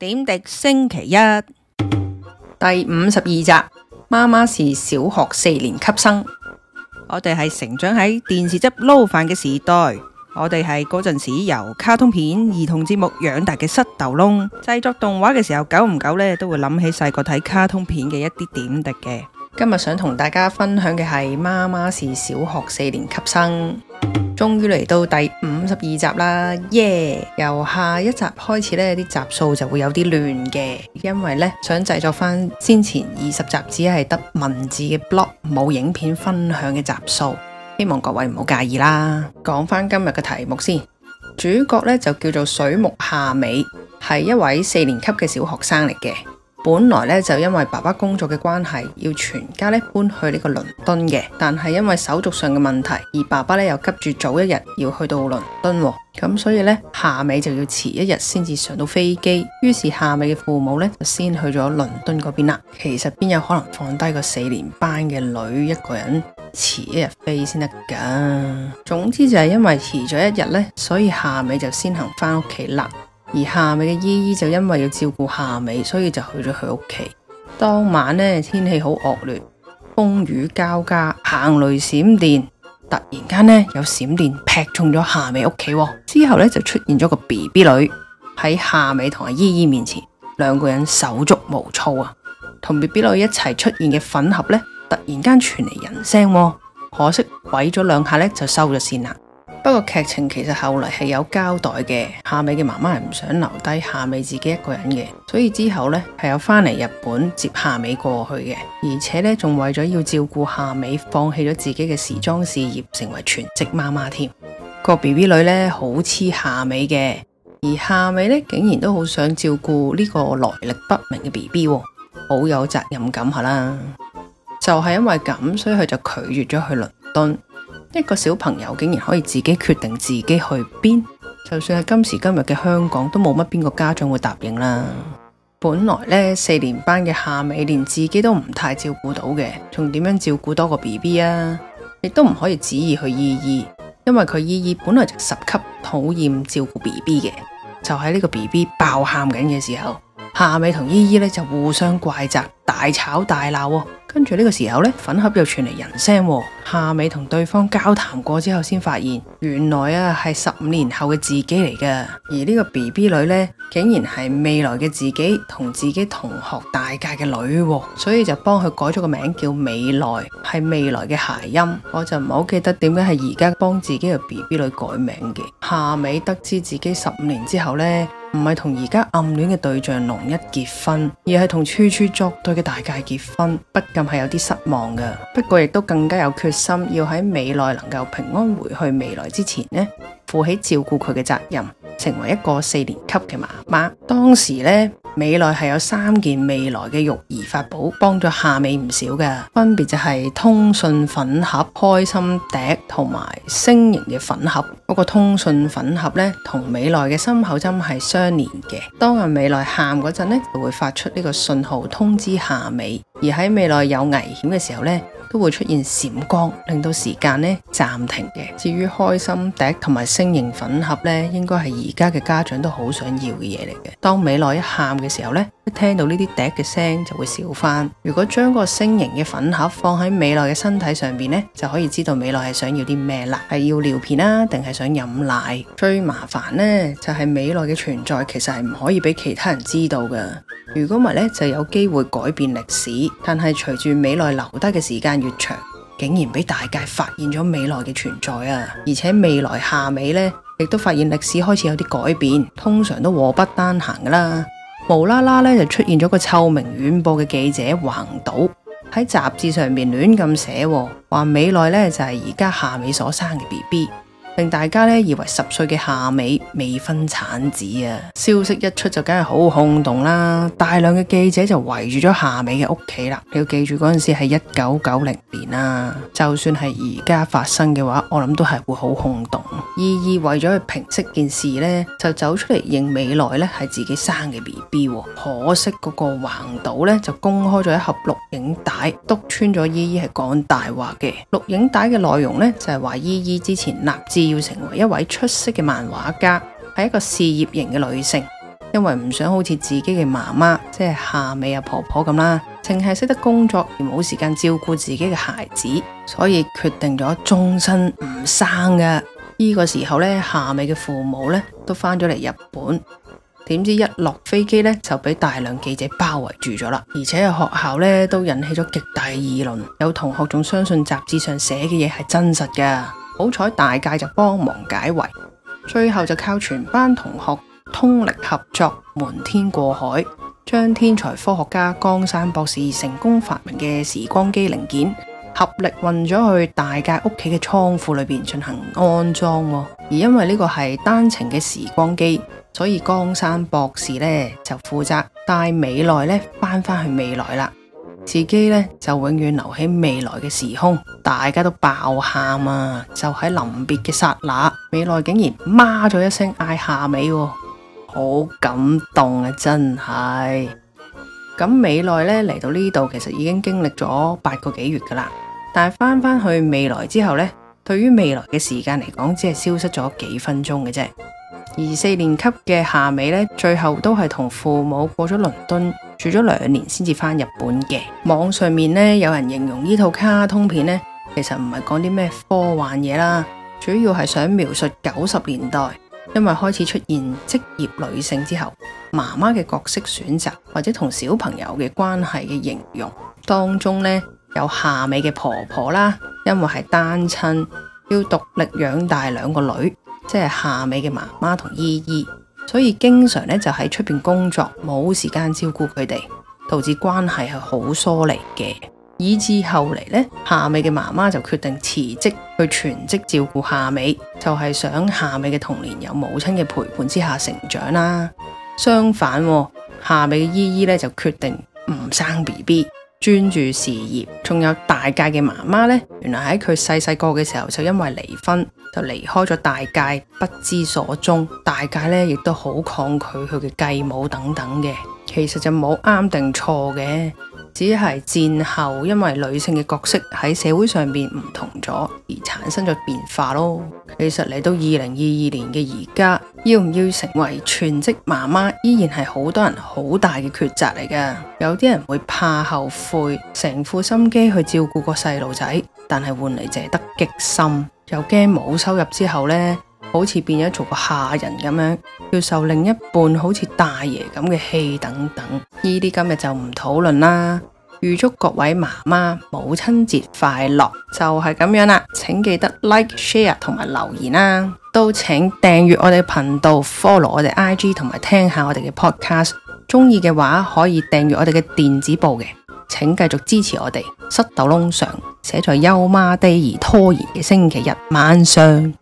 點滴星期一第五十二集，媽媽是小學四年級生。我哋係成長喺電視汁撈飯嘅時代，我哋係嗰陣時由卡通片、兒童節目養大嘅失斗窿。製作動畫嘅時候，久唔久咧都會諗起細個睇卡通片嘅一啲點滴嘅。今日想同大家分享嘅係媽媽是小學四年級生，終於嚟到第五十二集啦，耶、Yeah!！由下一集開始呢啲集數就會有啲亂嘅，因為呢想製作翻先前二十集只係得文字嘅 blog，冇影片分享嘅集數，希望各位唔好介意啦。講翻今日嘅題目先，主角呢就叫做水木夏美，係一位四年級嘅小學生嚟嘅。本來呢，就因為爸爸工作嘅關係，要全家呢搬去呢個倫敦嘅，但係因為手續上嘅問題，而爸爸呢又急住早一日要去到倫敦、哦，咁、嗯、所以呢，夏美就要遲一日先至上到飛機。於是夏美嘅父母呢，就先去咗倫敦嗰邊啦。其實邊有可能放低個四年班嘅女一個人遲一日飛先得噶？總之就係因為遲咗一日呢，所以夏美就先行返屋企啦。而夏美嘅姨姨就因為要照顧夏美，所以就去咗佢屋企。當晚呢，天氣好惡劣，風雨交加，行雷閃電。突然間呢，有閃電劈中咗夏美屋企，之後呢就出現咗個 B B 女喺夏美同阿姨姨面前，兩個人手足無措啊。同 B B 女一齊出現嘅粉盒呢，突然間傳嚟人聲，可惜毀咗兩下呢就收咗線啦。不過劇情其實後來係有交代嘅，夏美嘅媽媽係唔想留低夏美自己一個人嘅，所以之後呢係有返嚟日本接夏美過去嘅，而且呢，仲為咗要照顧夏美，放棄咗自己嘅時裝事業，成為全職媽媽添。個 B B 女呢，好似夏美嘅，而夏美呢竟然都好想照顧呢個來歷不明嘅 B B，好有責任感係啦，就係、是、因為咁，所以佢就拒絕咗去倫敦。一個小朋友竟然可以自己決定自己去邊，就算係今時今日嘅香港，都冇乜邊個家長會答應啦。本來呢四年班嘅夏美連自己都唔太照顧到嘅，仲點樣照顧多個 B B 啊？亦都唔可以指意去姨姨，因為佢姨姨本來就十級討厭照顧 B B 嘅。就喺呢個 B B 爆喊緊嘅時候，夏美同姨姨呢就互相怪責，大吵大鬧喎。跟住呢個時候，粉盒又傳嚟人聲，哦。夏美同對方交談過之後，先發現原來啊，係十五年後嘅自己嚟嘅。而呢個 B B 女呢，竟然係未來嘅自己同自己同學大介嘅女，哦，所以就幫佢改咗個名叫美來，是未來，係未來嘅諧音。我就唔係好記得點解係而家幫自己個 B B 女改名嘅。夏美得知自己十五年之後呢。唔係同而家暗戀嘅對象龍一結婚，而係同處處作對嘅大介結婚，不禁係有啲失望嘅。不過亦都更加有決心，要喺未來能夠平安回去未來之前呢，負起照顧佢嘅責任。成為一個四年級嘅媽媽，當時呢，美奈係有三件未來嘅育兒法寶，幫咗夏美唔少噶，分別就係通訊粉盒、開心笛同埋星形嘅粉盒。嗰個通訊粉盒呢，同美奈嘅心口針係相連嘅。當阿美奈喊嗰陣呢，就會發出呢個信號通知夏美。而喺美奈有危險嘅時候呢，都會出現閃光，令到時間呢暫停嘅。至於開心笛同埋星形粉盒呢，應該係而家嘅家長都好想要嘅嘢，嚟嘅。當美奈一喊嘅時候呢，一聽到呢啲笛嘅聲就會笑翻。如果將個星形嘅粉盒放喺美奈嘅身體上邊呢，就可以知道美奈係想要啲咩啦，係要尿片啊，定係想飲奶。最麻煩呢就係、是、美奈嘅存在其實係唔可以俾其他人知道噶。如果唔係呢，就有機會改變歷史。但係隨住美奈留低嘅時間越長，竟然俾大家發現咗美奈嘅存在啊！而且未來下美呢。亦都發現歷史開始有啲改變，通常都禍不單行噶啦，無啦啦咧就出現咗個臭名遠播嘅記者橫島喺雜誌上面亂咁寫，話美奈咧就係而家夏美所生嘅 BB。令大家呢以為十歲嘅夏美未婚產子啊！消息一出就梗係好轟動啦，大量嘅記者就圍住咗夏美嘅屋企啦。你要記住嗰陣時係一九九零年啊，就算係而家發生嘅話，我諗都係會好轟動。姨姨為咗去平息件事呢，就走出嚟認未來呢係自己生嘅 BB。可惜嗰個橫島呢就公開咗一盒錄影帶，篤穿咗姨姨係講大話嘅。錄影帶嘅內容呢，就係話姨姨之前立志。要成為一位出色嘅漫畫家，係一個事業型嘅女性，因為唔想好似自己嘅媽媽，即係夏美啊婆婆咁啦，淨係識得工作而冇時間照顧自己嘅孩子，所以決定咗終身唔生㗎。呢、這個時候呢，夏美嘅父母呢都翻咗嚟日本，點知一落飛機呢，就俾大量記者包圍住咗啦，而且喺學校呢都引起咗極大嘅議論，有同學仲相信雜誌上寫嘅嘢係真實㗎。好彩大介就幫忙解圍，最後就靠全班同學通力合作瞞天過海，將天才科學家江山博士成功發明嘅時光機零件合力運咗去大介屋企嘅倉庫裏面進行安裝。而因為呢個係單程嘅時光機，所以江山博士呢就負責帶美奈呢返翻去未來啦。自己呢，就永遠留喺未來嘅時空，大家都爆喊啊！就喺臨別嘅刹那，未來竟然媽咗一聲嗌夏美，啊，好感動啊！真係咁，未來呢嚟到呢度其實已經經歷咗八個幾月㗎喇，但係翻返去未來之後呢，對於未來嘅時間嚟講，只係消失咗幾分鐘嘅啫。而四年級嘅夏美呢，最後都係同父母過咗倫敦。住咗兩年先至返日本嘅。網上面呢，有人形容呢套卡通片呢，其實唔係講啲咩科幻嘢啦，主要係想描述九十年代因為開始出現職業女性之後，媽媽嘅角色選擇或者同小朋友嘅關係嘅形容當中呢，有夏美嘅婆婆啦，因為係單親要獨立養大兩個女，即係夏美嘅媽媽同姨姨。所以經常咧就喺出面工作，冇時間照顧佢哋，導致關係係好疏離嘅，以致後嚟咧夏美嘅媽媽就決定辭職去全職照顧夏美，就係想夏美嘅童年有母親嘅陪伴之下成長啦。相反啊，夏美嘅姨姨咧就決定唔生 BB，專注事業，仲有大介嘅媽媽咧，原來喺佢細細個嘅時候就因為離婚。就離開咗大介，不知所蹤。大介呢亦都好抗拒佢嘅繼母等等嘅。其實就冇啱定錯嘅，只係戰後因為女性嘅角色喺社會上面唔同咗，而產生咗變化咯。其實嚟到二零二二年嘅而家，要唔要成為全職媽媽，依然係好多人好大嘅抉擇嚟㗎。有啲人會怕後悔，成副心機去照顧個細路仔，但係換嚟淨係得激心。又驚冇收入之後呢，好似變咗做個下人咁樣，要受另一半好似大爺咁嘅氣等等，呢啲今日就唔討論啦。預祝各位媽媽母親節快樂，就係、是、咁樣啦。請記得 like、share 同埋留言啦，都請訂閱我哋嘅頻道，follow 我哋 IG 同埋聽下我哋嘅 podcast，中意嘅話可以訂閱我哋嘅電子報嘅。請繼續支持我哋。塞豆窿上寫在悠媽地而拖延嘅星期日晚上。